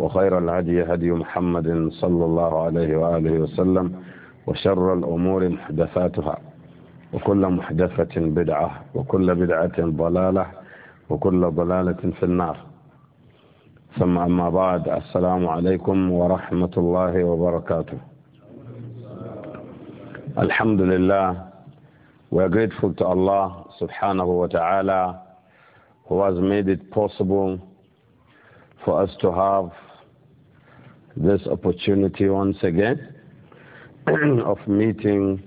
وخير الهدي هدي محمد صلى الله عليه وآله وسلم وشر الأمور محدثاتها وكل محدثة بدعة وكل بدعة ضلالة وكل ضلالة في النار ثم أما بعد السلام عليكم ورحمة الله وبركاته لله we are grateful to Allah subhanahu wa ta'ala who has made it possible for us to have this opportunity once again of meeting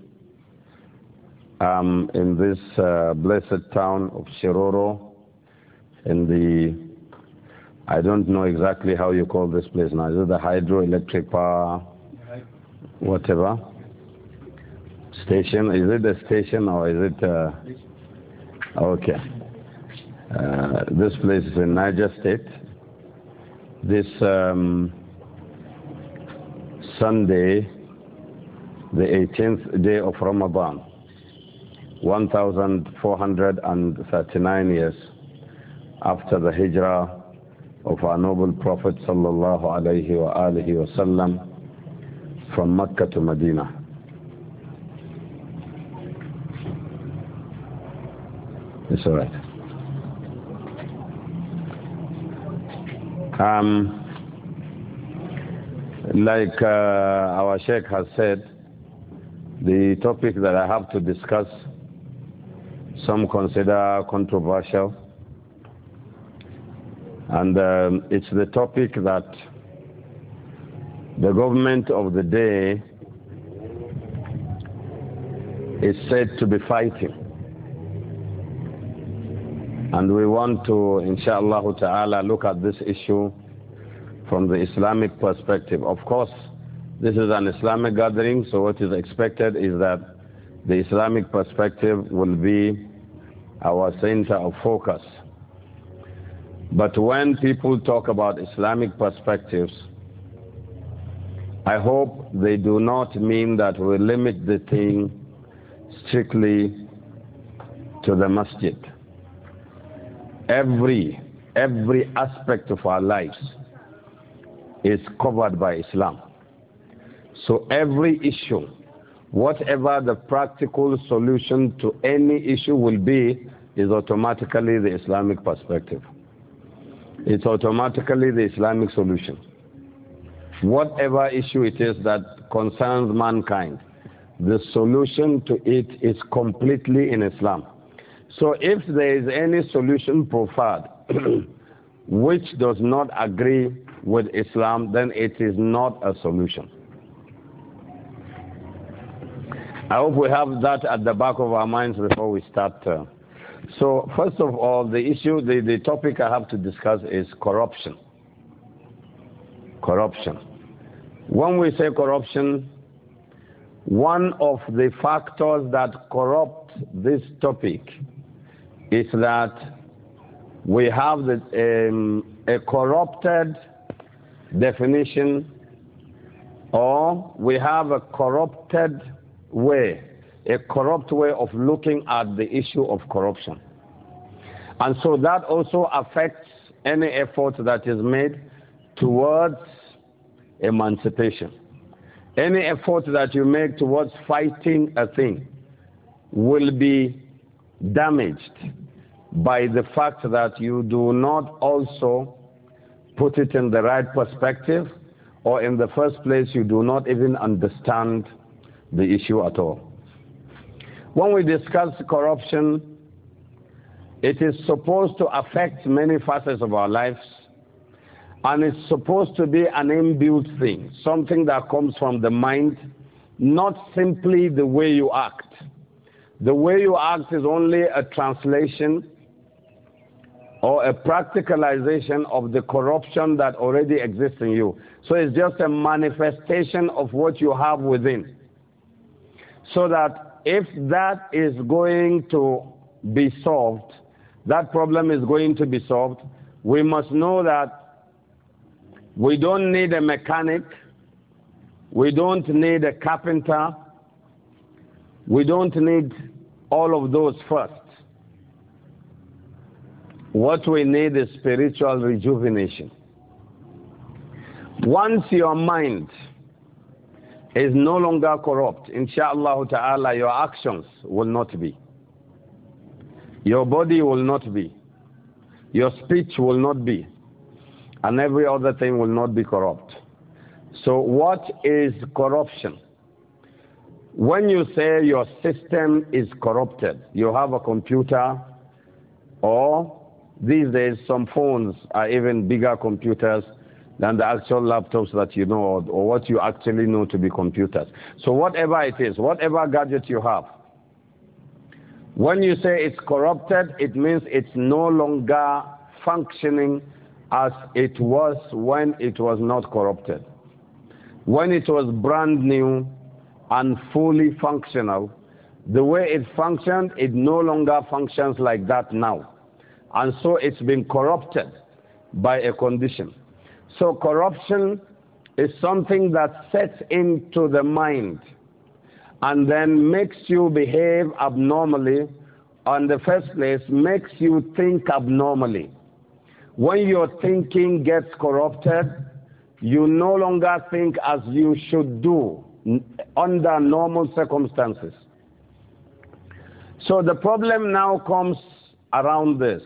um, in this uh, blessed town of Shiroro in the I don't know exactly how you call this place now. Is it the hydroelectric power, whatever station? Is it a station or is it? Uh, okay. Uh, this place is in Niger State. This um, Sunday, the 18th day of Ramadan, 1439 years after the hijrah of our noble Prophet sallallahu alaihi wa alihi wasallam from Mecca to Medina. It's all right. Um, like uh, our Sheikh has said, the topic that I have to discuss, some consider controversial. And um, it's the topic that the government of the day is said to be fighting. And we want to, inshallah ta'ala, look at this issue from the Islamic perspective. Of course, this is an Islamic gathering, so what is expected is that the Islamic perspective will be our center of focus. But when people talk about Islamic perspectives, I hope they do not mean that we limit the thing strictly to the masjid. Every, every aspect of our lives is covered by Islam. So every issue, whatever the practical solution to any issue will be, is automatically the Islamic perspective. It's automatically the Islamic solution. Whatever issue it is that concerns mankind, the solution to it is completely in Islam. So if there is any solution preferred which does not agree with Islam, then it is not a solution. I hope we have that at the back of our minds before we start. Uh, so, first of all, the issue, the, the topic I have to discuss is corruption. Corruption. When we say corruption, one of the factors that corrupt this topic is that we have the, um, a corrupted definition, or we have a corrupted way, a corrupt way of looking at the issue of corruption. And so that also affects any effort that is made towards emancipation. Any effort that you make towards fighting a thing will be damaged by the fact that you do not also put it in the right perspective, or in the first place, you do not even understand the issue at all. When we discuss corruption, it is supposed to affect many facets of our lives, and it's supposed to be an inbuilt thing, something that comes from the mind, not simply the way you act. The way you act is only a translation or a practicalization of the corruption that already exists in you. So it's just a manifestation of what you have within. So that if that is going to be solved, that problem is going to be solved, we must know that we don't need a mechanic, we don't need a carpenter, we don't need all of those first. What we need is spiritual rejuvenation. Once your mind is no longer corrupt, inshallah ta'ala, your actions will not be. Your body will not be. Your speech will not be. And every other thing will not be corrupt. So, what is corruption? When you say your system is corrupted, you have a computer or these days, some phones are even bigger computers than the actual laptops that you know or, or what you actually know to be computers. So, whatever it is, whatever gadget you have, when you say it's corrupted, it means it's no longer functioning as it was when it was not corrupted. When it was brand new and fully functional, the way it functioned, it no longer functions like that now. And so it's been corrupted by a condition. So corruption is something that sets into the mind and then makes you behave abnormally. On the first place, makes you think abnormally. When your thinking gets corrupted, you no longer think as you should do under normal circumstances. So the problem now comes around this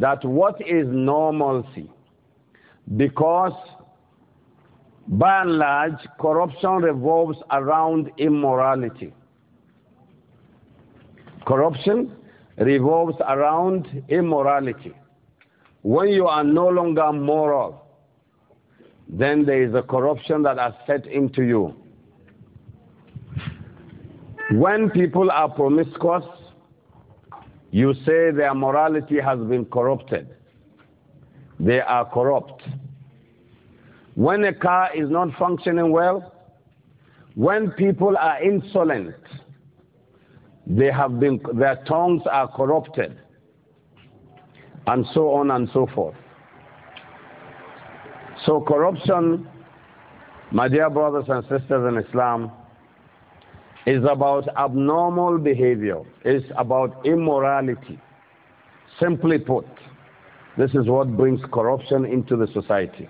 that what is normalcy? Because by and large, corruption revolves around immorality. Corruption revolves around immorality. When you are no longer moral, then there is a corruption that has set into you. When people are promiscuous, you say their morality has been corrupted. They are corrupt. When a car is not functioning well, when people are insolent, they have been, their tongues are corrupted, and so on and so forth. So, corruption, my dear brothers and sisters in Islam, is about abnormal behavior, it's about immorality. Simply put, this is what brings corruption into the society.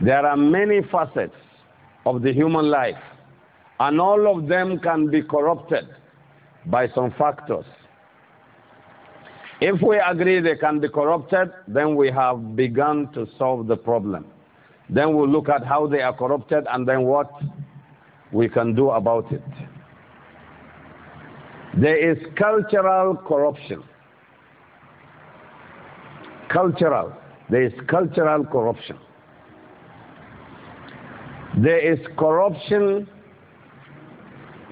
There are many facets of the human life, and all of them can be corrupted by some factors. If we agree they can be corrupted, then we have begun to solve the problem. Then we'll look at how they are corrupted and then what we can do about it. There is cultural corruption. Cultural. There is cultural corruption. There is corruption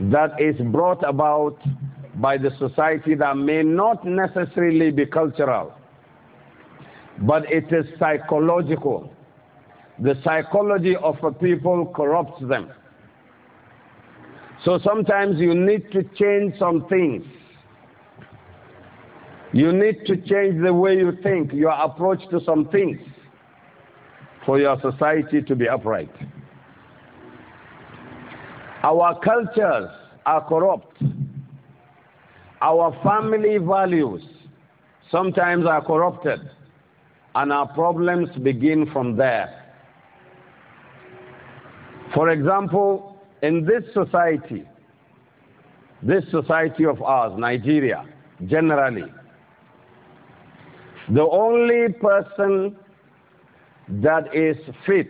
that is brought about by the society that may not necessarily be cultural, but it is psychological. The psychology of a people corrupts them. So sometimes you need to change some things. You need to change the way you think, your approach to some things for your society to be upright. Our cultures are corrupt. Our family values sometimes are corrupted, and our problems begin from there. For example, in this society, this society of ours, Nigeria, generally, the only person that is fit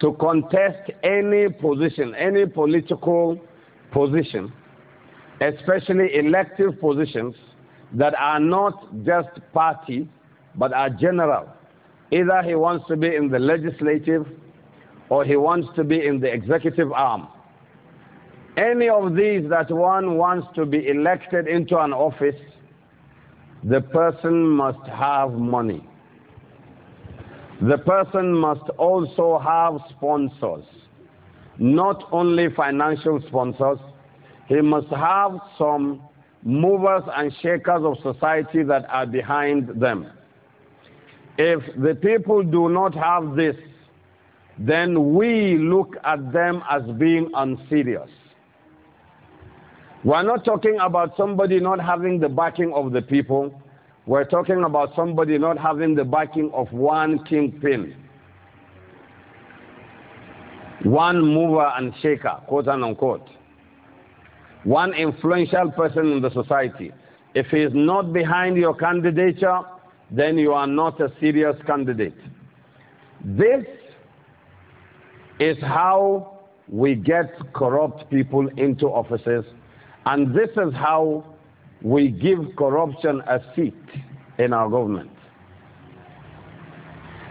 to contest any position, any political position, especially elective positions that are not just party but are general. Either he wants to be in the legislative or he wants to be in the executive arm. Any of these that one wants to be elected into an office, the person must have money. The person must also have sponsors, not only financial sponsors. He must have some movers and shakers of society that are behind them. If the people do not have this, then we look at them as being unserious. We're not talking about somebody not having the backing of the people. We're talking about somebody not having the backing of one kingpin, one mover and shaker, quote and unquote, one influential person in the society. If he is not behind your candidature, then you are not a serious candidate. This is how we get corrupt people into offices, and this is how we give corruption a seat in our government.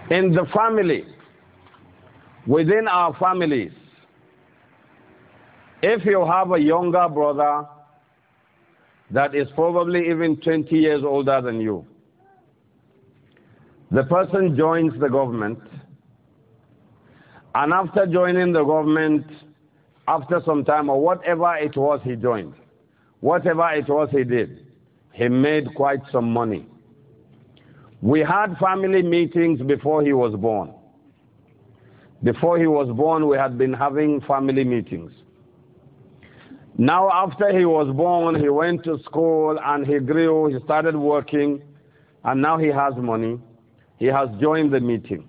In the family, within our families, if you have a younger brother that is probably even 20 years older than you, the person joins the government and after joining the government, after some time or whatever it was he joined, whatever it was he did, he made quite some money. We had family meetings before he was born. Before he was born, we had been having family meetings. Now, after he was born, he went to school and he grew, he started working, and now he has money. He has joined the meeting.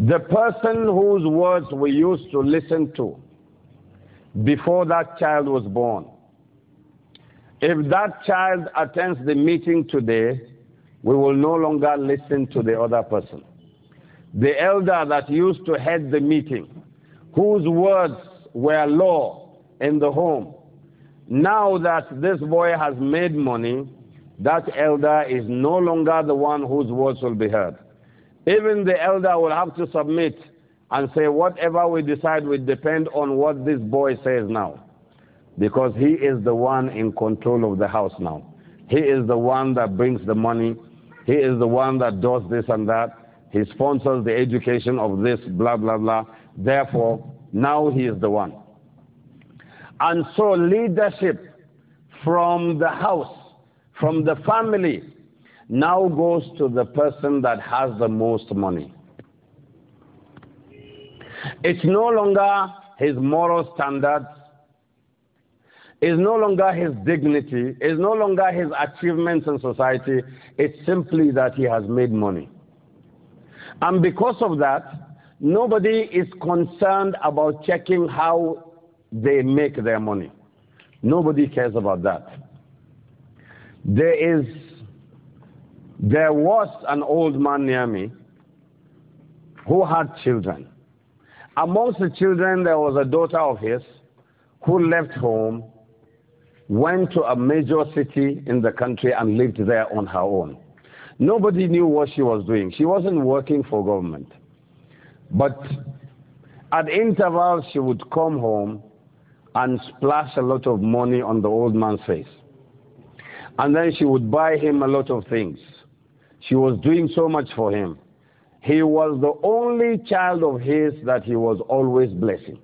The person whose words we used to listen to before that child was born, if that child attends the meeting today, we will no longer listen to the other person. The elder that used to head the meeting, whose words were law in the home, now that this boy has made money, that elder is no longer the one whose words will be heard. Even the elder will have to submit and say, whatever we decide will depend on what this boy says now. Because he is the one in control of the house now. He is the one that brings the money. He is the one that does this and that. He sponsors the education of this, blah, blah, blah. Therefore, now he is the one. And so leadership from the house, from the family, now goes to the person that has the most money. It's no longer his moral standards, it's no longer his dignity, it's no longer his achievements in society, it's simply that he has made money. And because of that, nobody is concerned about checking how they make their money. Nobody cares about that. There is there was an old man near me who had children. Amongst the children, there was a daughter of his who left home, went to a major city in the country, and lived there on her own. Nobody knew what she was doing. She wasn't working for government. But at intervals, she would come home and splash a lot of money on the old man's face. And then she would buy him a lot of things. She was doing so much for him. He was the only child of his that he was always blessing.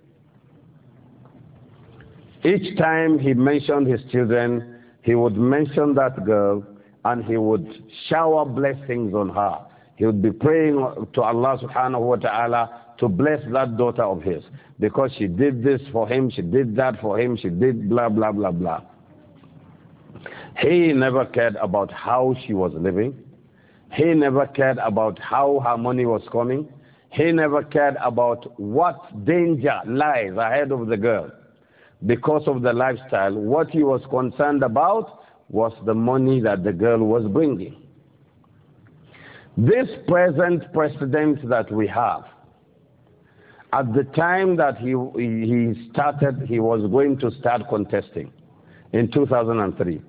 Each time he mentioned his children, he would mention that girl and he would shower blessings on her. He would be praying to Allah subhanahu wa ta'ala to bless that daughter of his because she did this for him, she did that for him, she did blah, blah, blah, blah. He never cared about how she was living. He never cared about how her money was coming. He never cared about what danger lies ahead of the girl. Because of the lifestyle, what he was concerned about was the money that the girl was bringing. This present president that we have, at the time that he, he started, he was going to start contesting in 2003.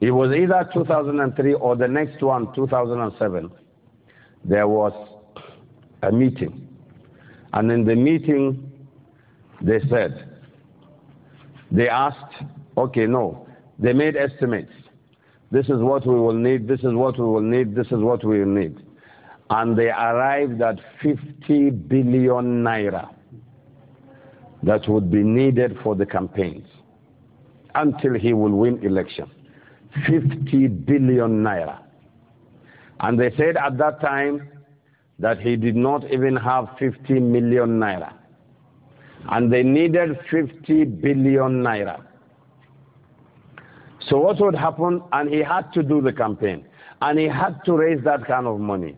It was either 2003 or the next one, 2007. There was a meeting. And in the meeting, they said, they asked, okay, no. They made estimates. This is what we will need, this is what we will need, this is what we will need. And they arrived at 50 billion naira that would be needed for the campaigns until he will win election. 50 billion naira. And they said at that time that he did not even have 50 million naira. And they needed 50 billion naira. So what would happen? And he had to do the campaign. And he had to raise that kind of money.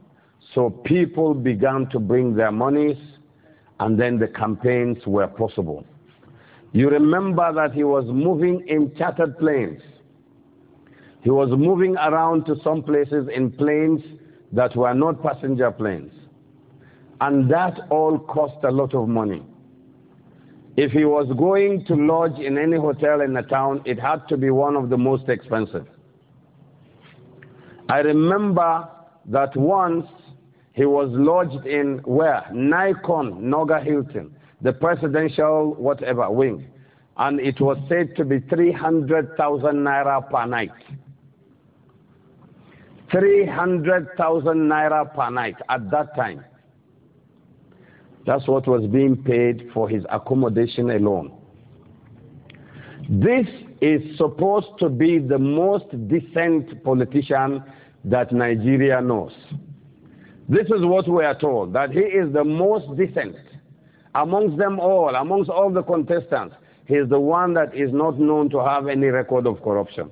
So people began to bring their monies, and then the campaigns were possible. You remember that he was moving in chartered planes. He was moving around to some places in planes that were not passenger planes. And that all cost a lot of money. If he was going to lodge in any hotel in the town, it had to be one of the most expensive. I remember that once he was lodged in where? Nikon, Noga Hilton, the presidential whatever wing. And it was said to be 300,000 naira per night. 300,000 naira per night at that time. That's what was being paid for his accommodation alone. This is supposed to be the most decent politician that Nigeria knows. This is what we are told that he is the most decent amongst them all, amongst all the contestants. He is the one that is not known to have any record of corruption.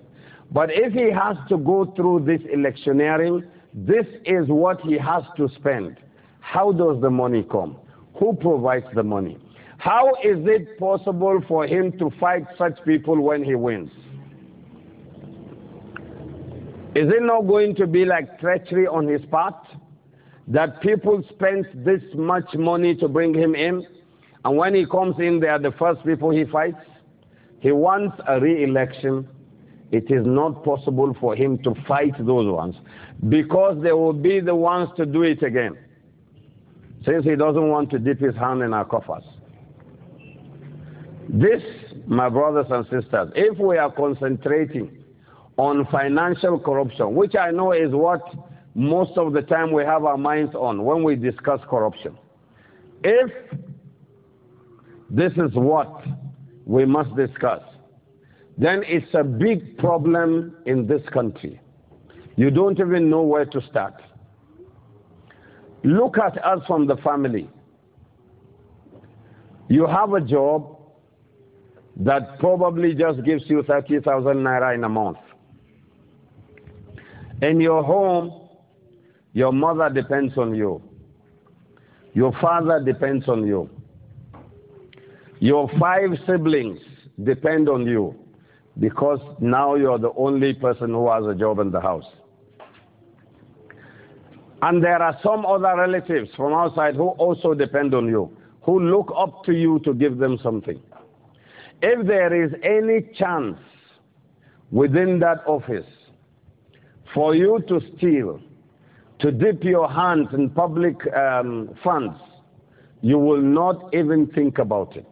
But if he has to go through this electioneering, this is what he has to spend. How does the money come? Who provides the money? How is it possible for him to fight such people when he wins? Is it not going to be like treachery on his part? That people spend this much money to bring him in, and when he comes in, they are the first people he fights? He wants a re election it is not possible for him to fight those ones because they will be the ones to do it again. Since he doesn't want to dip his hand in our coffers. This, my brothers and sisters, if we are concentrating on financial corruption, which I know is what most of the time we have our minds on when we discuss corruption, if this is what we must discuss, then it's a big problem in this country. You don't even know where to start. Look at us from the family. You have a job that probably just gives you 30,000 naira in a month. In your home, your mother depends on you. Your father depends on you. Your five siblings depend on you because now you're the only person who has a job in the house. And there are some other relatives from outside who also depend on you, who look up to you to give them something. If there is any chance within that office for you to steal, to dip your hands in public um, funds, you will not even think about it.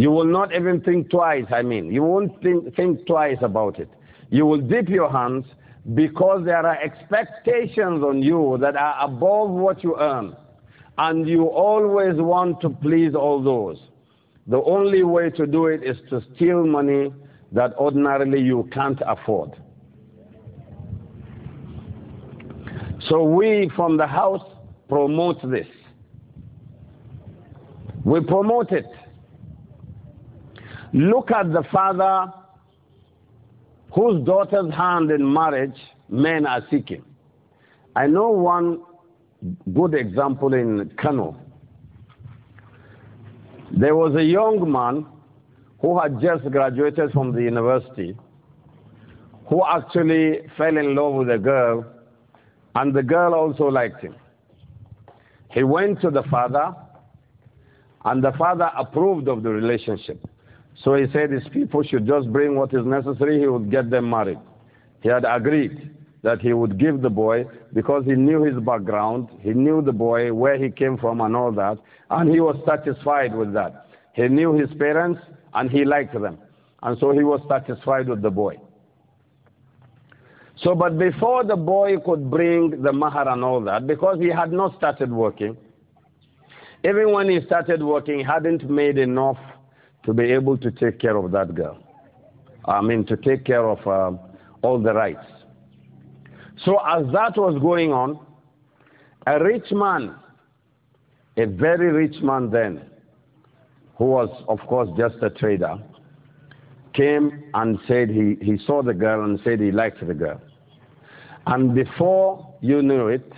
You will not even think twice, I mean. You won't think, think twice about it. You will dip your hands because there are expectations on you that are above what you earn. And you always want to please all those. The only way to do it is to steal money that ordinarily you can't afford. So we from the house promote this. We promote it. Look at the father whose daughter's hand in marriage men are seeking. I know one good example in Kano. There was a young man who had just graduated from the university who actually fell in love with a girl, and the girl also liked him. He went to the father, and the father approved of the relationship. So he said his people should just bring what is necessary, he would get them married. He had agreed that he would give the boy because he knew his background, he knew the boy, where he came from, and all that, and he was satisfied with that. He knew his parents and he liked them, and so he was satisfied with the boy. So, but before the boy could bring the mahar and all that, because he had not started working, even when he started working, he hadn't made enough to be able to take care of that girl. I mean, to take care of uh, all the rights. So, as that was going on, a rich man, a very rich man then, who was, of course, just a trader, came and said he, he saw the girl and said he liked the girl. And before you knew it,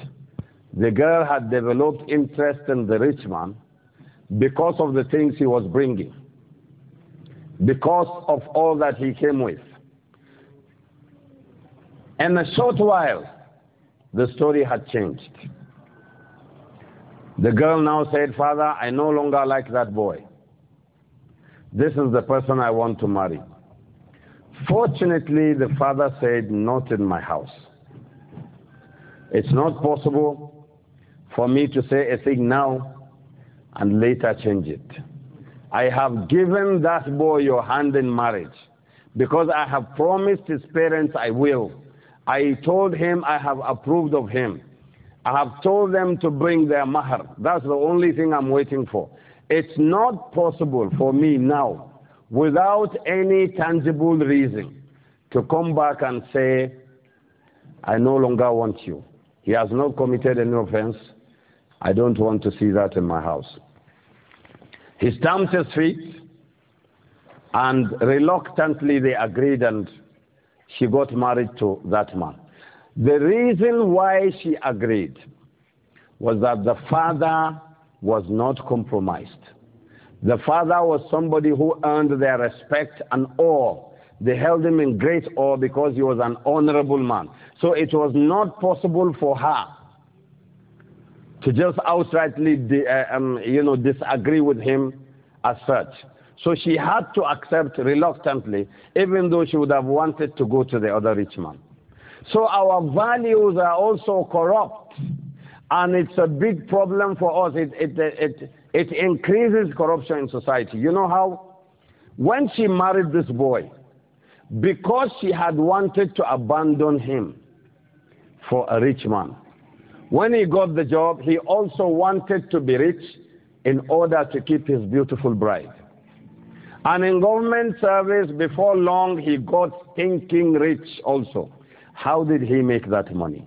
the girl had developed interest in the rich man because of the things he was bringing because of all that he came with. In a short while, the story had changed. The girl now said, Father, I no longer like that boy. This is the person I want to marry. Fortunately, the father said, Not in my house. It's not possible for me to say a thing now and later change it. I have given that boy your hand in marriage because I have promised his parents I will. I told him I have approved of him. I have told them to bring their mahar. That's the only thing I'm waiting for. It's not possible for me now, without any tangible reason, to come back and say, I no longer want you. He has not committed any offense. I don't want to see that in my house. He stamped his feet, and reluctantly they agreed, and she got married to that man. The reason why she agreed was that the father was not compromised. The father was somebody who earned their respect and awe. They held him in great awe because he was an honorable man. So it was not possible for her to just outrightly, uh, um, you know, disagree with him as such. So she had to accept reluctantly, even though she would have wanted to go to the other rich man. So our values are also corrupt, and it's a big problem for us. It, it, it, it, it increases corruption in society. You know how? When she married this boy, because she had wanted to abandon him for a rich man, when he got the job, he also wanted to be rich in order to keep his beautiful bride. And in government service, before long, he got thinking rich also. How did he make that money?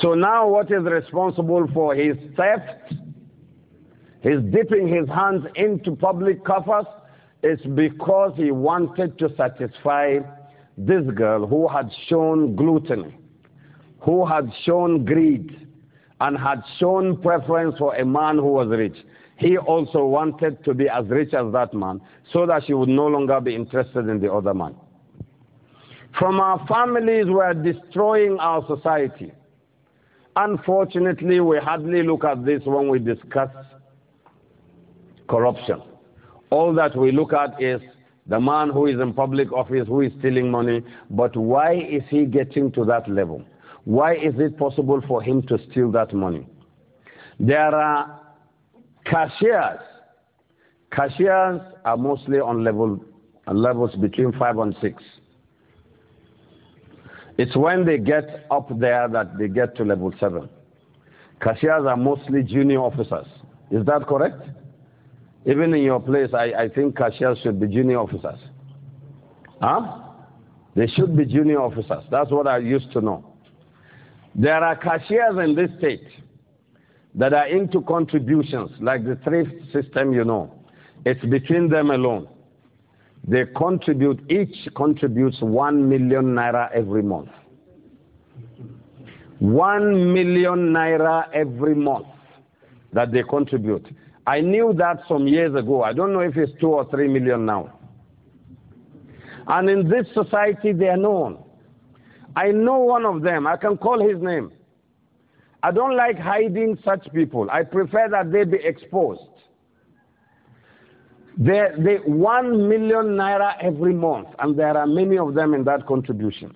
So now, what is responsible for his theft, his dipping his hands into public coffers, is because he wanted to satisfy this girl who had shown gluttony who had shown greed and had shown preference for a man who was rich. He also wanted to be as rich as that man so that she would no longer be interested in the other man. From our families, we are destroying our society. Unfortunately, we hardly look at this when we discuss corruption. All that we look at is the man who is in public office who is stealing money, but why is he getting to that level? Why is it possible for him to steal that money? There are cashiers. Cashiers are mostly on level on levels between five and six. It's when they get up there that they get to level seven. Cashiers are mostly junior officers. Is that correct? Even in your place, I, I think cashiers should be junior officers. Huh? They should be junior officers. That's what I used to know. There are cashiers in this state that are into contributions, like the thrift system you know. It's between them alone. They contribute, each contributes one million naira every month. One million naira every month that they contribute. I knew that some years ago. I don't know if it's two or three million now. And in this society, they are known. I know one of them. I can call his name. I don't like hiding such people. I prefer that they be exposed. They, they, one million naira every month, and there are many of them in that contribution.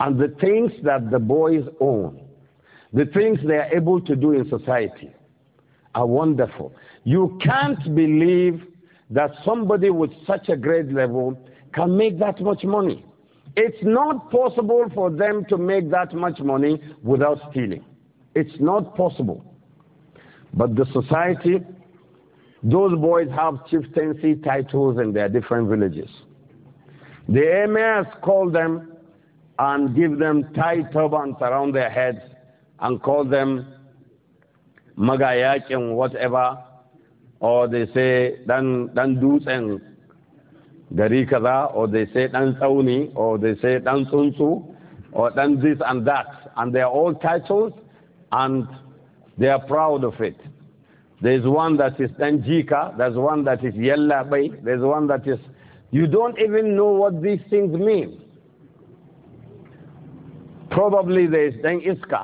And the things that the boys own, the things they are able to do in society, are wonderful. You can't believe that somebody with such a grade level can make that much money. It's not possible for them to make that much money without stealing. It's not possible. But the society, those boys have chieftaincy titles in their different villages. The emirs call them and give them tie turbans around their heads and call them magayak and whatever, or they say dan dan and gari kaza or they say dan tsauni or they say dan tsuntsu or dan this and that and they are all titles and they are proud of it there's one that is danjika there's one that is bay there's one that is you don't even know what these things mean probably there is dan iska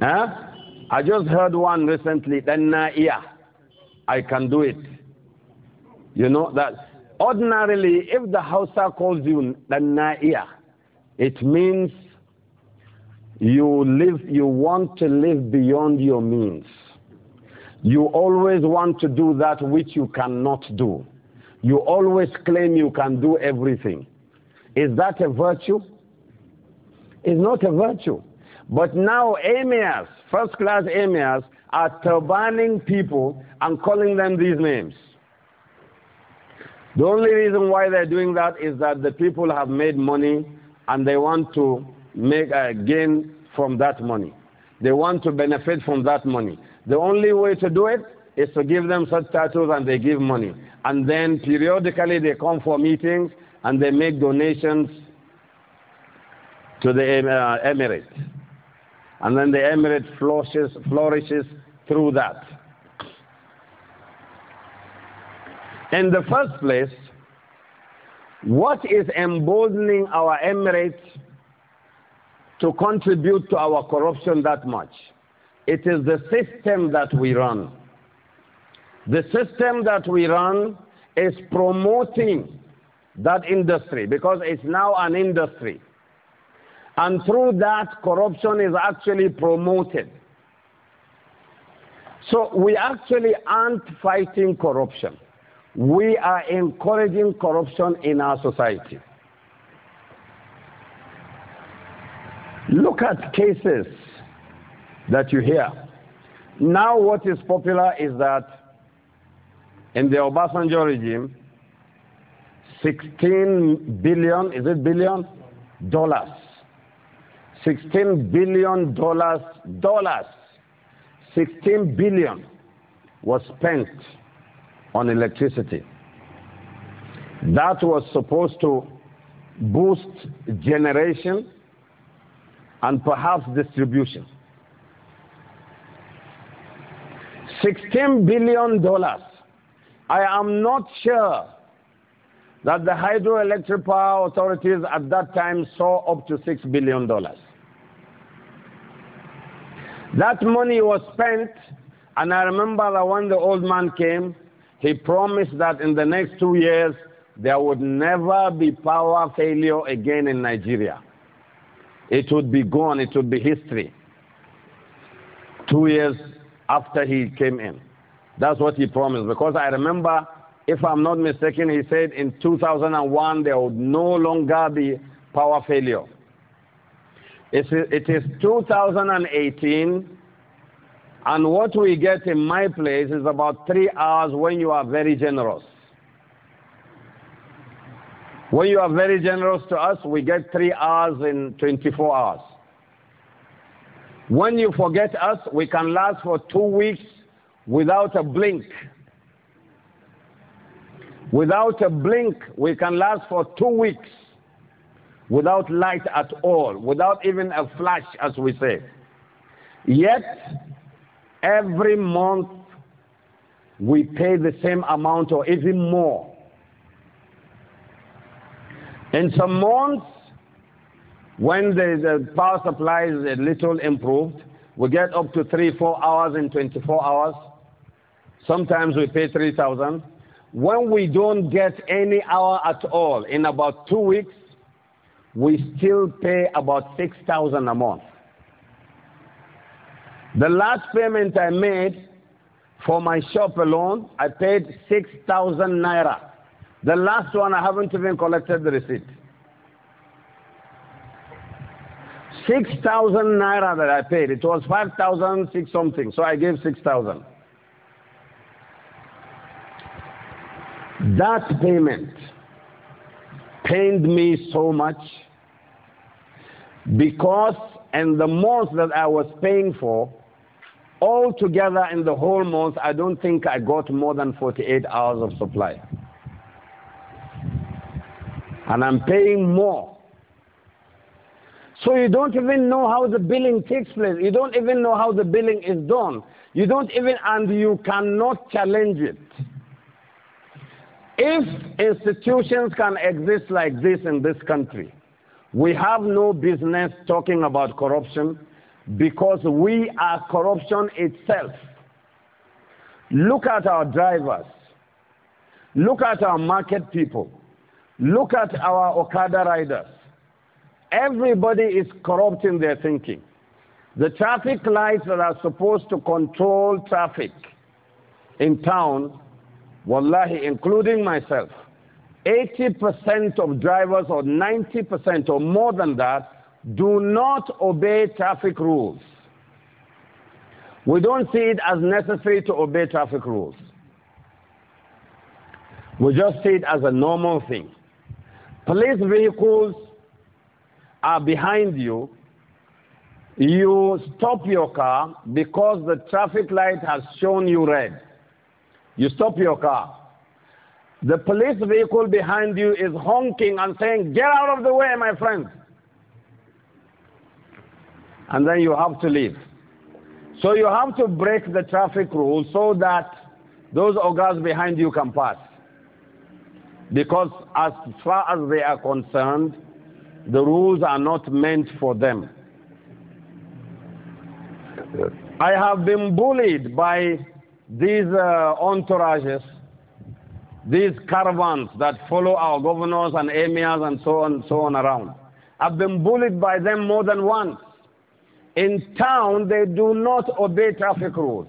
huh? i just heard one recently dan yeah, i can do it you know that ordinarily, if the Hausa calls you Na'iyah, it means you live, you want to live beyond your means. You always want to do that which you cannot do. You always claim you can do everything. Is that a virtue? It's not a virtue. But now emirs, first class emirs, are turbaning people and calling them these names. The only reason why they're doing that is that the people have made money and they want to make a gain from that money. They want to benefit from that money. The only way to do it is to give them such tattoos and they give money. And then periodically they come for meetings and they make donations to the uh, emirate. And then the emirate flourishes, flourishes through that. In the first place, what is emboldening our emirates to contribute to our corruption that much? It is the system that we run. The system that we run is promoting that industry because it's now an industry. And through that, corruption is actually promoted. So we actually aren't fighting corruption we are encouraging corruption in our society. Look at cases that you hear. Now, what is popular is that in the Obasanjo regime, 16 billion, is it billion? Dollars. 16 billion dollars, dollars. 16 billion was spent on electricity. That was supposed to boost generation and perhaps distribution. $16 billion. I am not sure that the hydroelectric power authorities at that time saw up to $6 billion. That money was spent, and I remember that when the old man came, he promised that in the next two years, there would never be power failure again in Nigeria. It would be gone, it would be history. Two years after he came in. That's what he promised. Because I remember, if I'm not mistaken, he said in 2001 there would no longer be power failure. It is 2018 and what we get in my place is about three hours when you are very generous. When you are very generous to us, we get three hours in 24 hours. When you forget us, we can last for two weeks without a blink. Without a blink, we can last for two weeks without light at all, without even a flash, as we say. Yet, Every month we pay the same amount or even more. In some months, when the, the power supply is a little improved, we get up to three, four hours in 24 hours. Sometimes we pay 3,000. When we don't get any hour at all, in about two weeks, we still pay about 6,000 a month. The last payment I made for my shop alone, I paid 6,000 naira. The last one, I haven't even collected the receipt. 6,000 naira that I paid. It was 5,006 something, so I gave 6,000. That payment pained me so much because, and the most that I was paying for, Altogether in the whole month, I don't think I got more than 48 hours of supply. And I'm paying more. So you don't even know how the billing takes place. You don't even know how the billing is done. You don't even, and you cannot challenge it. If institutions can exist like this in this country, we have no business talking about corruption because we are corruption itself. Look at our drivers. Look at our market people. Look at our Okada riders. Everybody is corrupting their thinking. The traffic lights that are supposed to control traffic in town, wallahi, including myself, 80% of drivers or 90% or more than that do not obey traffic rules. We don't see it as necessary to obey traffic rules. We just see it as a normal thing. Police vehicles are behind you. You stop your car because the traffic light has shown you red. You stop your car. The police vehicle behind you is honking and saying, Get out of the way, my friend and then you have to leave. So you have to break the traffic rules so that those ogres behind you can pass. Because as far as they are concerned, the rules are not meant for them. I have been bullied by these uh, entourages, these caravans that follow our governors and emirs and so on and so on around. I've been bullied by them more than once. In town, they do not obey traffic rules.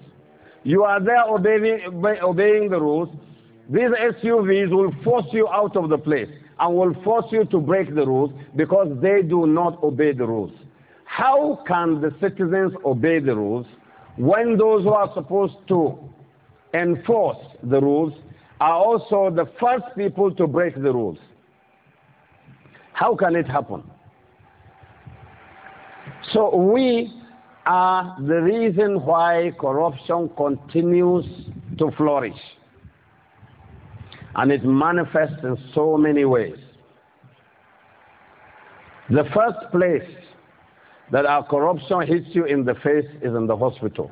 You are there obeying, obeying the rules. These SUVs will force you out of the place and will force you to break the rules because they do not obey the rules. How can the citizens obey the rules when those who are supposed to enforce the rules are also the first people to break the rules? How can it happen? So we are the reason why corruption continues to flourish. And it manifests in so many ways. The first place that our corruption hits you in the face is in the hospital.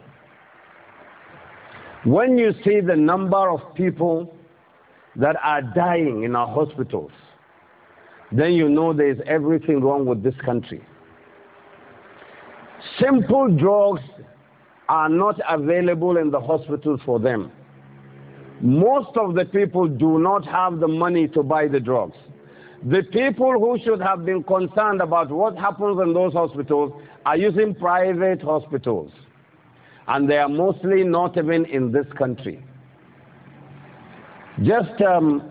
When you see the number of people that are dying in our hospitals, then you know there is everything wrong with this country. Simple drugs are not available in the hospital for them. Most of the people do not have the money to buy the drugs. The people who should have been concerned about what happens in those hospitals are using private hospitals. And they are mostly not even in this country. Just um,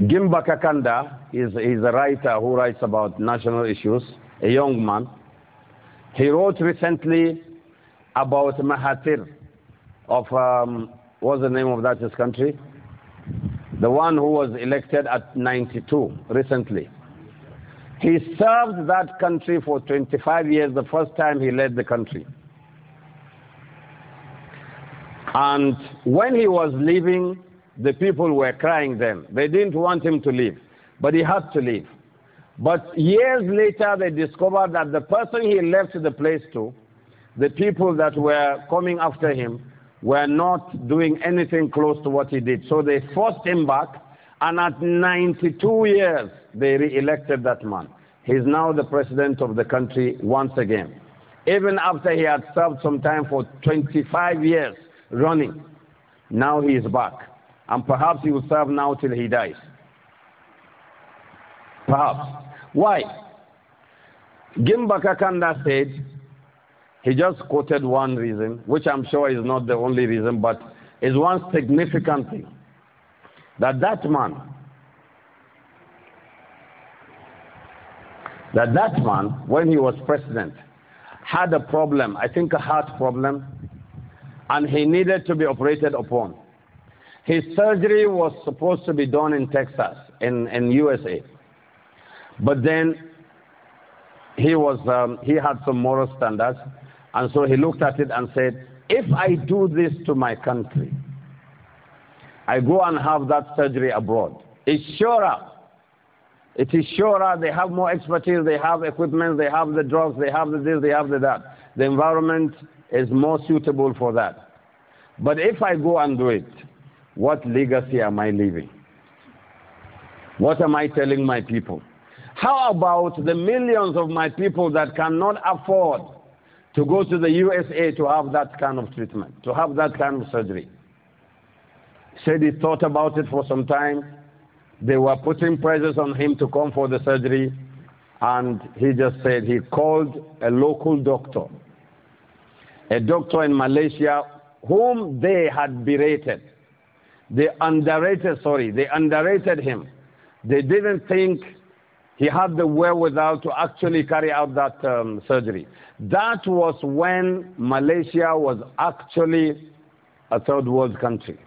Gimba Kakanda is, is a writer who writes about national issues, a young man. He wrote recently about Mahathir of, um, what's the name of that his country? The one who was elected at 92 recently. He served that country for 25 years, the first time he led the country. And when he was leaving, the people were crying then. They didn't want him to leave, but he had to leave. But years later, they discovered that the person he left the place to, the people that were coming after him, were not doing anything close to what he did. So they forced him back, and at 92 years, they re elected that man. He's now the president of the country once again. Even after he had served some time for 25 years running, now he is back. And perhaps he will serve now till he dies. Perhaps. Why? Gimba Kakanda said, he just quoted one reason, which I'm sure is not the only reason, but is one significant thing. That that man, that that man, when he was president, had a problem, I think a heart problem, and he needed to be operated upon. His surgery was supposed to be done in Texas, in, in USA. But then he, was, um, he had some moral standards, and so he looked at it and said, If I do this to my country, I go and have that surgery abroad, it's surer. It is surer, they have more expertise, they have equipment, they have the drugs, they have the this, they have the that. The environment is more suitable for that. But if I go and do it, what legacy am I leaving? What am I telling my people? How about the millions of my people that cannot afford to go to the USA to have that kind of treatment, to have that kind of surgery? Said he thought about it for some time. They were putting pressures on him to come for the surgery, and he just said he called a local doctor, a doctor in Malaysia whom they had berated. They underrated, sorry, they underrated him. They didn't think he had the wherewithal to actually carry out that um, surgery. That was when Malaysia was actually a third world country,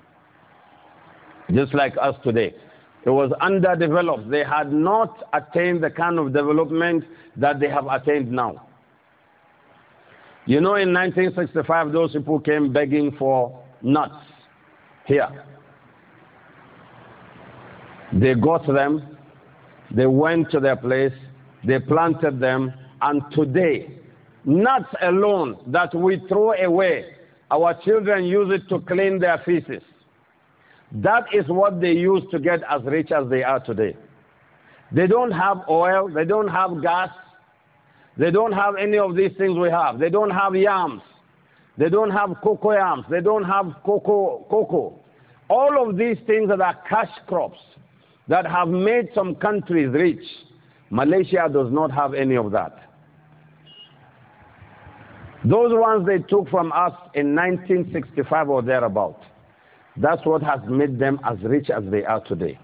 just like us today. It was underdeveloped. They had not attained the kind of development that they have attained now. You know, in 1965, those people came begging for nuts here. They got them, they went to their place, they planted them, and today, nuts alone that we throw away, our children use it to clean their feces. That is what they used to get as rich as they are today. They don't have oil, they don't have gas, they don't have any of these things we have. They don't have yams, they don't have cocoa yams, they don't have cocoa, cocoa. All of these things that are cash crops that have made some countries rich. Malaysia does not have any of that. Those ones they took from us in 1965 or thereabout. That's what has made them as rich as they are today.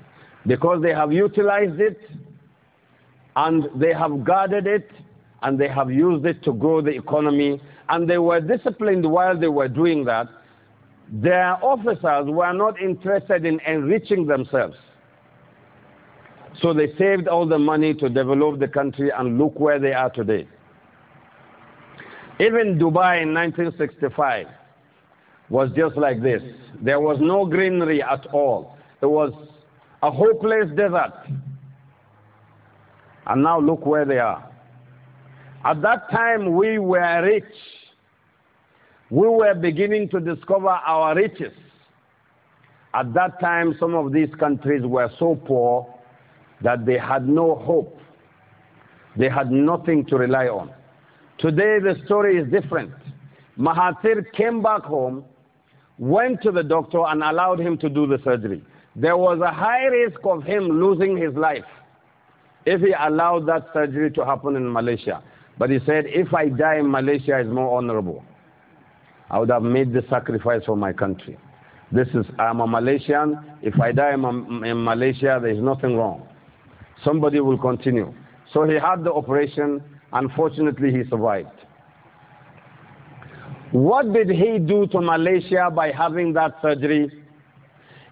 Because they have utilized it and they have guarded it and they have used it to grow the economy and they were disciplined while they were doing that. Their officers were not interested in enriching themselves. So they saved all the money to develop the country and look where they are today. Even Dubai in 1965 was just like this. There was no greenery at all. It was a hopeless desert. And now look where they are. At that time, we were rich. We were beginning to discover our riches. At that time, some of these countries were so poor that they had no hope. They had nothing to rely on. Today, the story is different. Mahathir came back home, went to the doctor, and allowed him to do the surgery. There was a high risk of him losing his life if he allowed that surgery to happen in Malaysia. But he said, if I die in Malaysia, it's more honorable. I would have made the sacrifice for my country. This is, I'm a Malaysian. If I die in, in Malaysia, there is nothing wrong somebody will continue. So he had the operation. Unfortunately, he survived. What did he do to Malaysia by having that surgery?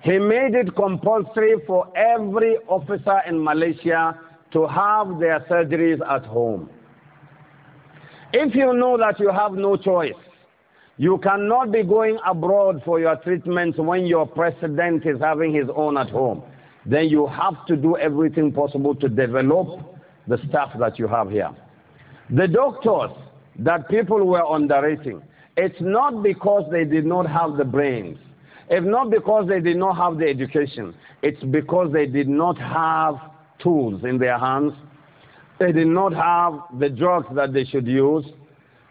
He made it compulsory for every officer in Malaysia to have their surgeries at home. If you know that you have no choice, you cannot be going abroad for your treatments when your president is having his own at home then you have to do everything possible to develop the staff that you have here. The doctors that people were underrating, it's not because they did not have the brains. If not because they did not have the education, it's because they did not have tools in their hands. They did not have the drugs that they should use.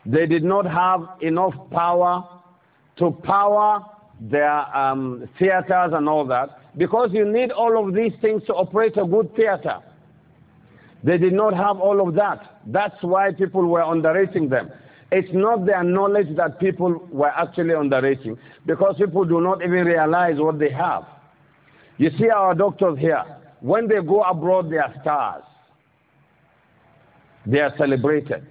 They did not have enough power to power their um, theaters and all that. Because you need all of these things to operate a good theater. They did not have all of that. That's why people were underrating them. It's not their knowledge that people were actually underrating, because people do not even realize what they have. You see our doctors here, when they go abroad, they are stars. They are celebrated.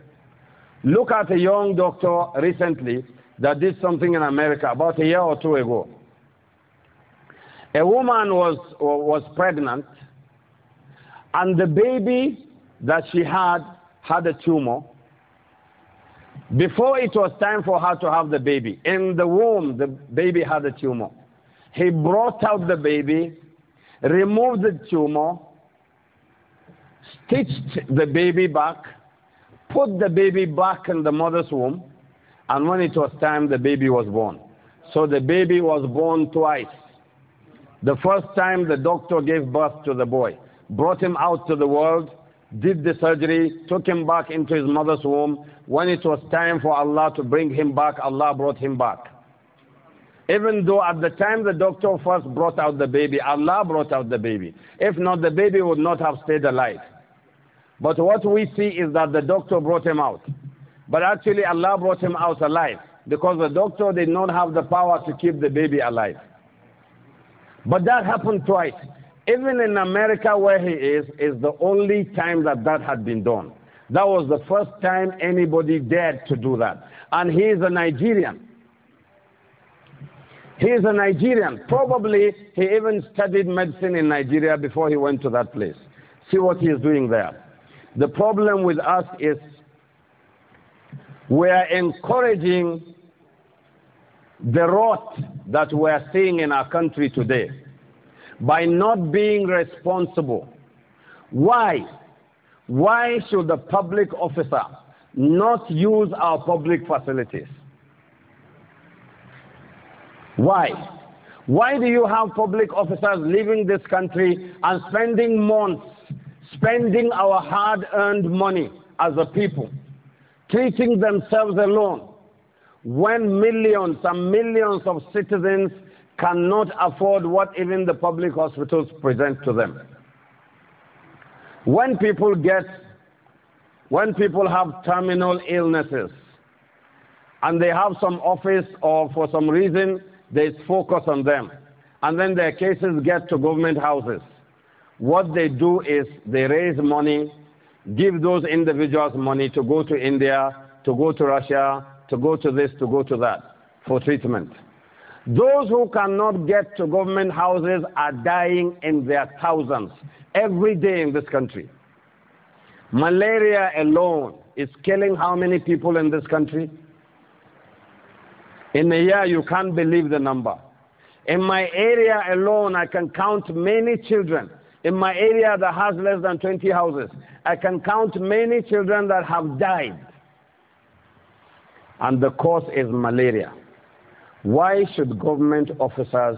Look at a young doctor recently that did something in America about a year or two ago a woman was, was pregnant, and the baby that she had had a tumor. Before it was time for her to have the baby, in the womb, the baby had a tumor. He brought out the baby, removed the tumor, stitched the baby back, put the baby back in the mother's womb, and when it was time, the baby was born. So the baby was born twice. The first time the doctor gave birth to the boy, brought him out to the world, did the surgery, took him back into his mother's womb. When it was time for Allah to bring him back, Allah brought him back. Even though at the time the doctor first brought out the baby, Allah brought out the baby. If not, the baby would not have stayed alive. But what we see is that the doctor brought him out. But actually, Allah brought him out alive because the doctor did not have the power to keep the baby alive. But that happened twice. Even in America, where he is, is the only time that that had been done. That was the first time anybody dared to do that. And he is a Nigerian. He is a Nigerian. Probably he even studied medicine in Nigeria before he went to that place. See what he is doing there. The problem with us is we are encouraging the rot that we are seeing in our country today by not being responsible. Why? Why should the public officer not use our public facilities? Why? Why do you have public officers leaving this country and spending months spending our hard earned money as a people, treating themselves alone? when millions and millions of citizens cannot afford what even the public hospitals present to them. When people get, when people have terminal illnesses and they have some office or for some reason there is focus on them and then their cases get to government houses, what they do is they raise money, give those individuals money to go to India, to go to Russia, to go to this, to go to that for treatment. Those who cannot get to government houses are dying in their thousands every day in this country. Malaria alone is killing how many people in this country? In a year, you can't believe the number. In my area alone, I can count many children. In my area that has less than 20 houses, I can count many children that have died and the cause is malaria, why should government officers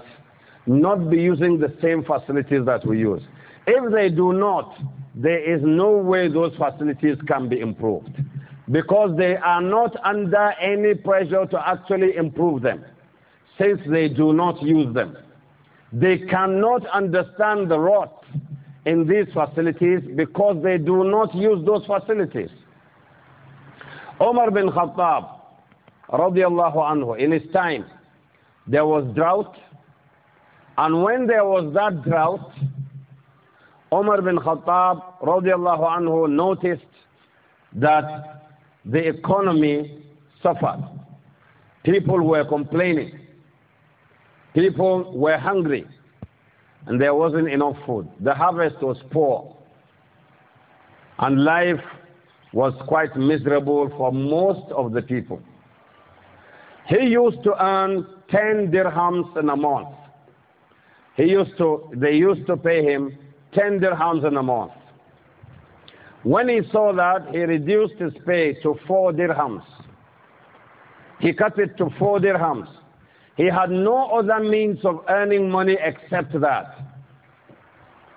not be using the same facilities that we use? If they do not, there is no way those facilities can be improved because they are not under any pressure to actually improve them since they do not use them. They cannot understand the rot in these facilities because they do not use those facilities. Omar bin Khattab radiallahu anhu, in his time, there was drought. And when there was that drought, Umar bin Khattab radiallahu anhu noticed that the economy suffered. People were complaining. People were hungry. And there wasn't enough food. The harvest was poor. And life was quite miserable for most of the people. He used to earn 10 dirhams in a month. He used to, they used to pay him 10 dirhams in a month. When he saw that, he reduced his pay to 4 dirhams. He cut it to 4 dirhams. He had no other means of earning money except that.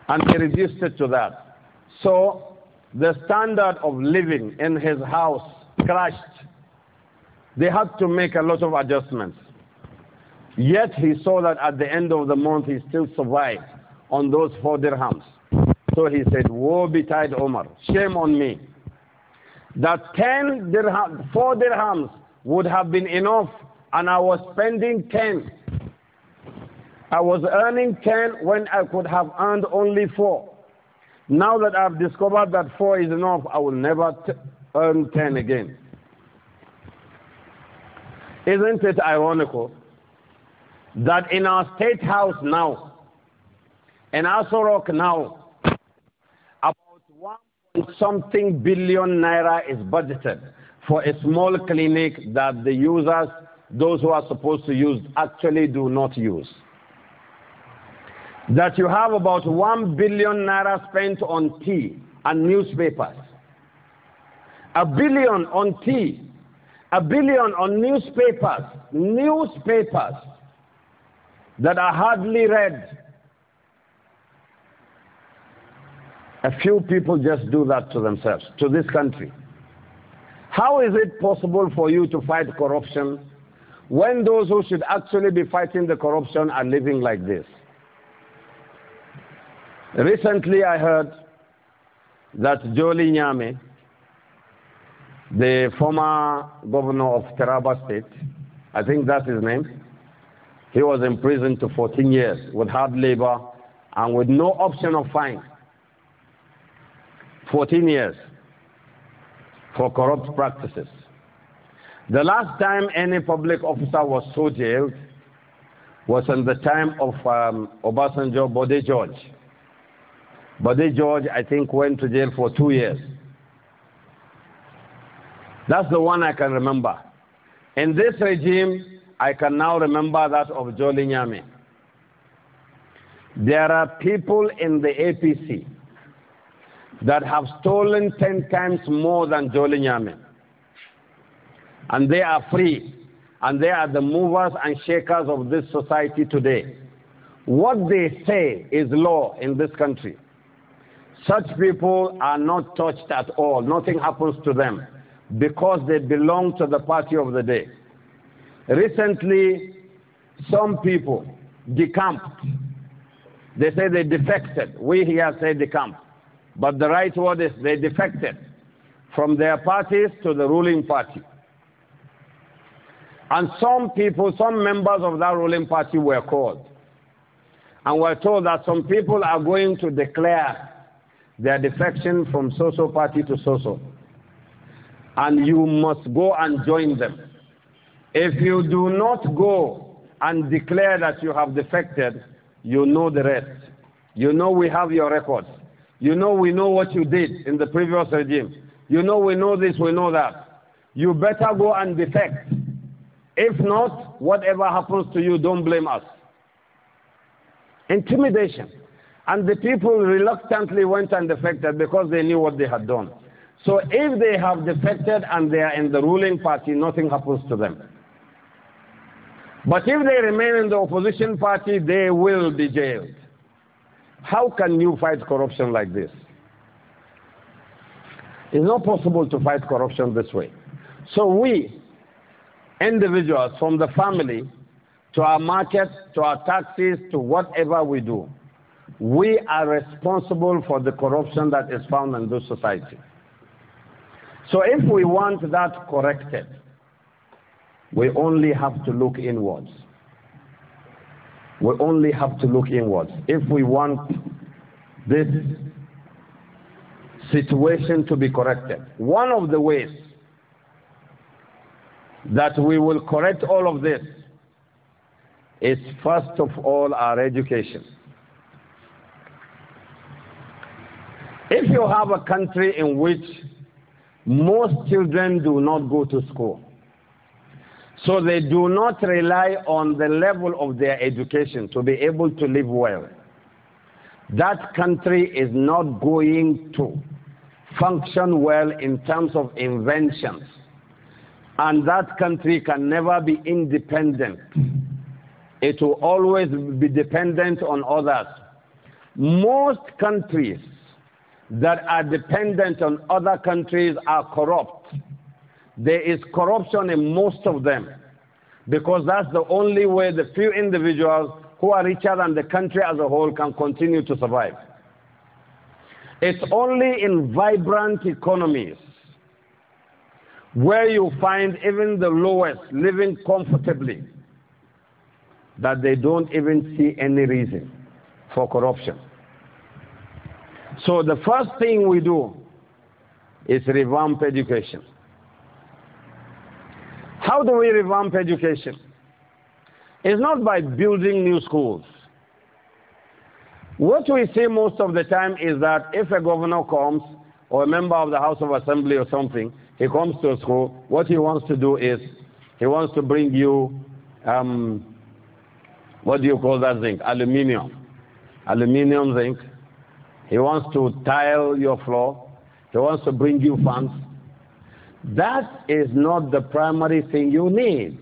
And he reduced it to that. So the standard of living in his house crashed they had to make a lot of adjustments. Yet he saw that at the end of the month he still survived on those four dirhams. So he said, Woe betide Omar, shame on me. That 10 dirhams, four dirhams would have been enough, and I was spending 10. I was earning 10 when I could have earned only four. Now that I've discovered that four is enough, I will never earn 10 again. Isn't it ironical that in our state house now, in Asorok now, about one something billion naira is budgeted for a small clinic that the users, those who are supposed to use, actually do not use. That you have about one billion naira spent on tea and newspapers. A billion on tea a billion on newspapers, newspapers that are hardly read. A few people just do that to themselves, to this country. How is it possible for you to fight corruption when those who should actually be fighting the corruption are living like this? Recently, I heard that Jolie Nyame, the former governor of Taraba State, I think that's his name, he was imprisoned to 14 years with hard labor and with no option of fine. 14 years for corrupt practices. The last time any public officer was so jailed was in the time of um, Obasanjo Bode George. Bode George, I think, went to jail for two years. That's the one I can remember. In this regime, I can now remember that of Jolly Nyame. There are people in the APC that have stolen 10 times more than Jolly Nyame. And they are free. And they are the movers and shakers of this society today. What they say is law in this country. Such people are not touched at all. Nothing happens to them because they belong to the party of the day. Recently, some people decamped. They say they defected. We here say decamp. But the right word is they defected from their parties to the ruling party. And some people, some members of that ruling party were called. And were told that some people are going to declare their defection from so-so party to so-so and you must go and join them. If you do not go and declare that you have defected, you know the rest. You know we have your records. You know we know what you did in the previous regime. You know we know this, we know that. You better go and defect. If not, whatever happens to you, don't blame us. Intimidation. And the people reluctantly went and defected because they knew what they had done. So if they have defected and they are in the ruling party, nothing happens to them. But if they remain in the opposition party, they will be jailed. How can you fight corruption like this? It's not possible to fight corruption this way. So we, individuals, from the family to our market, to our taxes, to whatever we do, we are responsible for the corruption that is found in this society. So if we want that corrected, we only have to look inwards. We only have to look inwards. If we want this situation to be corrected, one of the ways that we will correct all of this is first of all our education. If you have a country in which most children do not go to school. So they do not rely on the level of their education to be able to live well. That country is not going to function well in terms of inventions. And that country can never be independent. It will always be dependent on others. Most countries that are dependent on other countries are corrupt. There is corruption in most of them because that's the only way the few individuals who are richer than the country as a whole can continue to survive. It's only in vibrant economies where you find even the lowest living comfortably that they don't even see any reason for corruption. So the first thing we do is revamp education. How do we revamp education? It's not by building new schools. What we see most of the time is that if a governor comes or a member of the House of Assembly or something, he comes to a school, what he wants to do is he wants to bring you, um, what do you call that zinc? Aluminium. Aluminium zinc he wants to tile your floor. He wants to bring you funds. That is not the primary thing you need.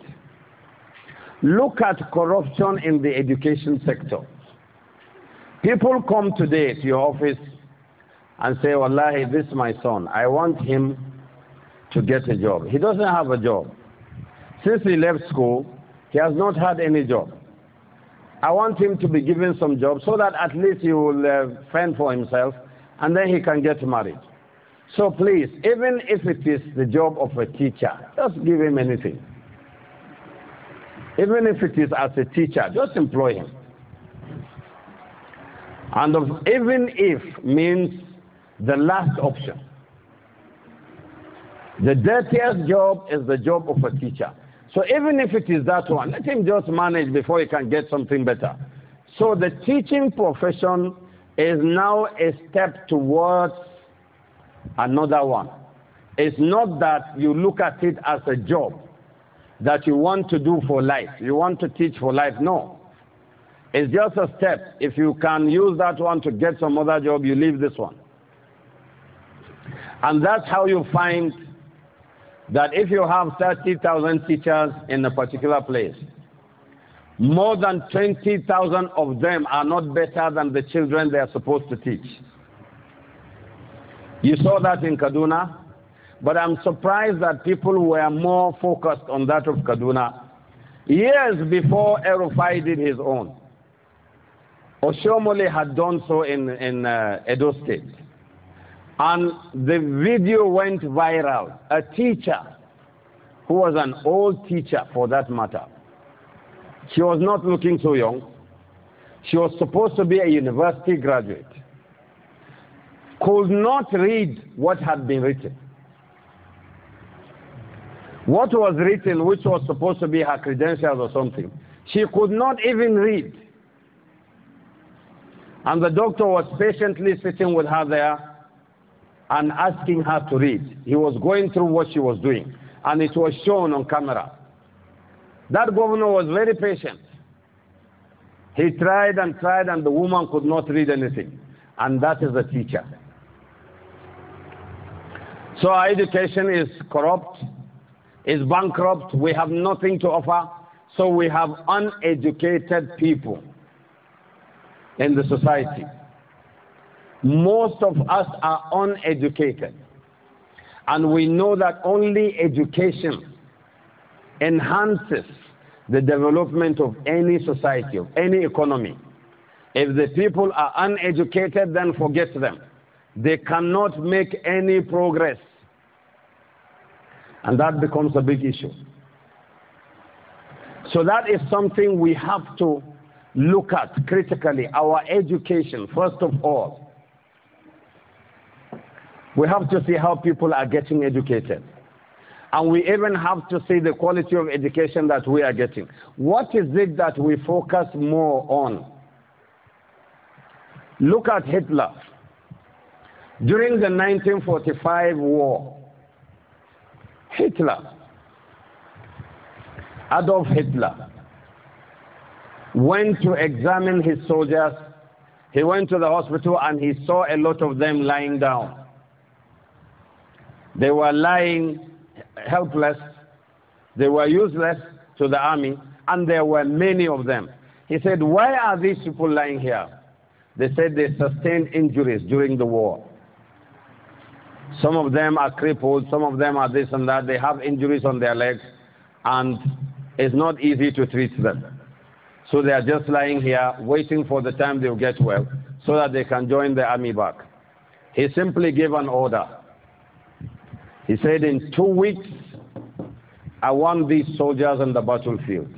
Look at corruption in the education sector. People come today to your office and say, Wallahi, this is my son. I want him to get a job. He doesn't have a job. Since he left school, he has not had any job. I want him to be given some job so that at least he will uh, fend for himself and then he can get married. So please, even if it is the job of a teacher, just give him anything. Even if it is as a teacher, just employ him. And of, even if means the last option. The dirtiest job is the job of a teacher. So even if it is that one, let him just manage before he can get something better. So the teaching profession is now a step towards another one. It's not that you look at it as a job that you want to do for life. You want to teach for life. No. It's just a step. If you can use that one to get some other job, you leave this one. And that's how you find that if you have 30,000 teachers in a particular place, more than 20,000 of them are not better than the children they are supposed to teach. You saw that in Kaduna, but I'm surprised that people were more focused on that of Kaduna years before Erufai did his own. Oshomole had done so in, in uh, Edo State. And the video went viral. A teacher, who was an old teacher for that matter, she was not looking so young. She was supposed to be a university graduate. Could not read what had been written. What was written, which was supposed to be her credentials or something, she could not even read. And the doctor was patiently sitting with her there and asking her to read. He was going through what she was doing, and it was shown on camera. That governor was very patient. He tried and tried, and the woman could not read anything. And that is the teacher. So our education is corrupt, is bankrupt. We have nothing to offer. So we have uneducated people in the society. Most of us are uneducated. And we know that only education enhances the development of any society, of any economy. If the people are uneducated, then forget them. They cannot make any progress. And that becomes a big issue. So that is something we have to look at critically. Our education, first of all. We have to see how people are getting educated. And we even have to see the quality of education that we are getting. What is it that we focus more on? Look at Hitler. During the 1945 war, Hitler, Adolf Hitler, went to examine his soldiers. He went to the hospital and he saw a lot of them lying down. They were lying, helpless. They were useless to the army, and there were many of them. He said, Why are these people lying here? They said they sustained injuries during the war. Some of them are crippled, some of them are this and that. They have injuries on their legs, and it's not easy to treat them. So they are just lying here, waiting for the time they'll get well, so that they can join the army back. He simply gave an order he said, In two weeks, I want these soldiers on the battlefield.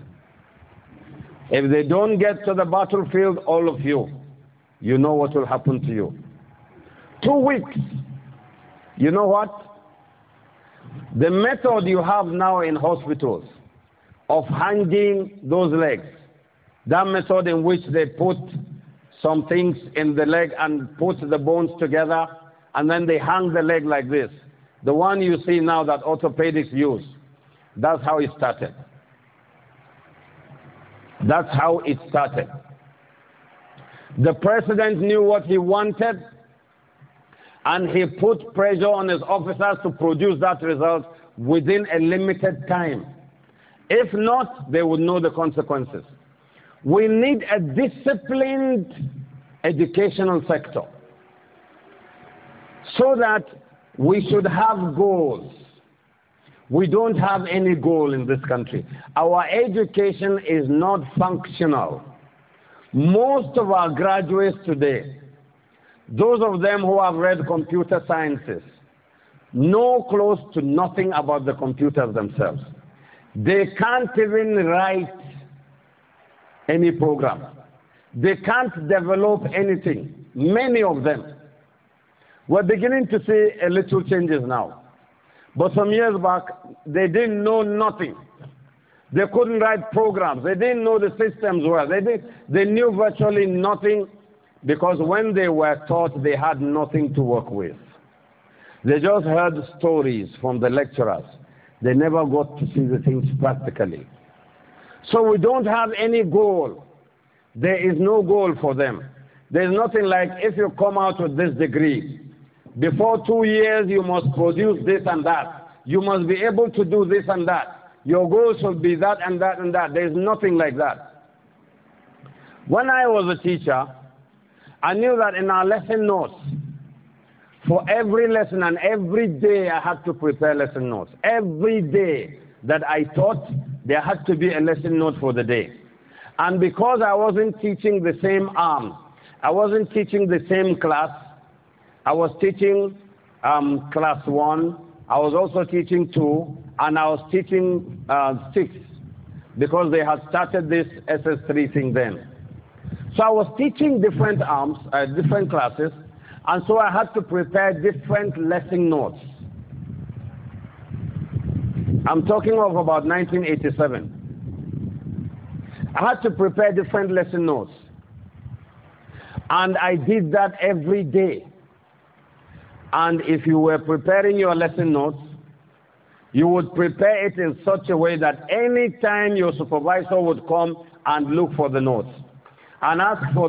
If they don't get to the battlefield, all of you, you know what will happen to you. Two weeks. You know what? The method you have now in hospitals of hanging those legs, that method in which they put some things in the leg and put the bones together, and then they hang the leg like this. The one you see now that orthopedics use, that's how it started. That's how it started. The president knew what he wanted, and he put pressure on his officers to produce that result within a limited time. If not, they would know the consequences. We need a disciplined educational sector so that we should have goals. We don't have any goal in this country. Our education is not functional. Most of our graduates today, those of them who have read computer sciences, know close to nothing about the computers themselves. They can't even write any program. They can't develop anything, many of them. We're beginning to see a little changes now. But some years back, they didn't know nothing. They couldn't write programs. They didn't know the systems well. They, did, they knew virtually nothing because when they were taught, they had nothing to work with. They just heard stories from the lecturers. They never got to see the things practically. So we don't have any goal. There is no goal for them. There's nothing like if you come out with this degree, before two years, you must produce this and that. You must be able to do this and that. Your goal should be that and that and that. There is nothing like that. When I was a teacher, I knew that in our lesson notes, for every lesson and every day I had to prepare lesson notes. Every day that I taught, there had to be a lesson note for the day. And because I wasn't teaching the same arm, I wasn't teaching the same class, I was teaching um, class one, I was also teaching two, and I was teaching uh, six because they had started this SS3 thing then. So I was teaching different arms, uh, different classes, and so I had to prepare different lesson notes. I'm talking of about 1987. I had to prepare different lesson notes. And I did that every day. And if you were preparing your lesson notes, you would prepare it in such a way that any time your supervisor would come and look for the notes and ask for the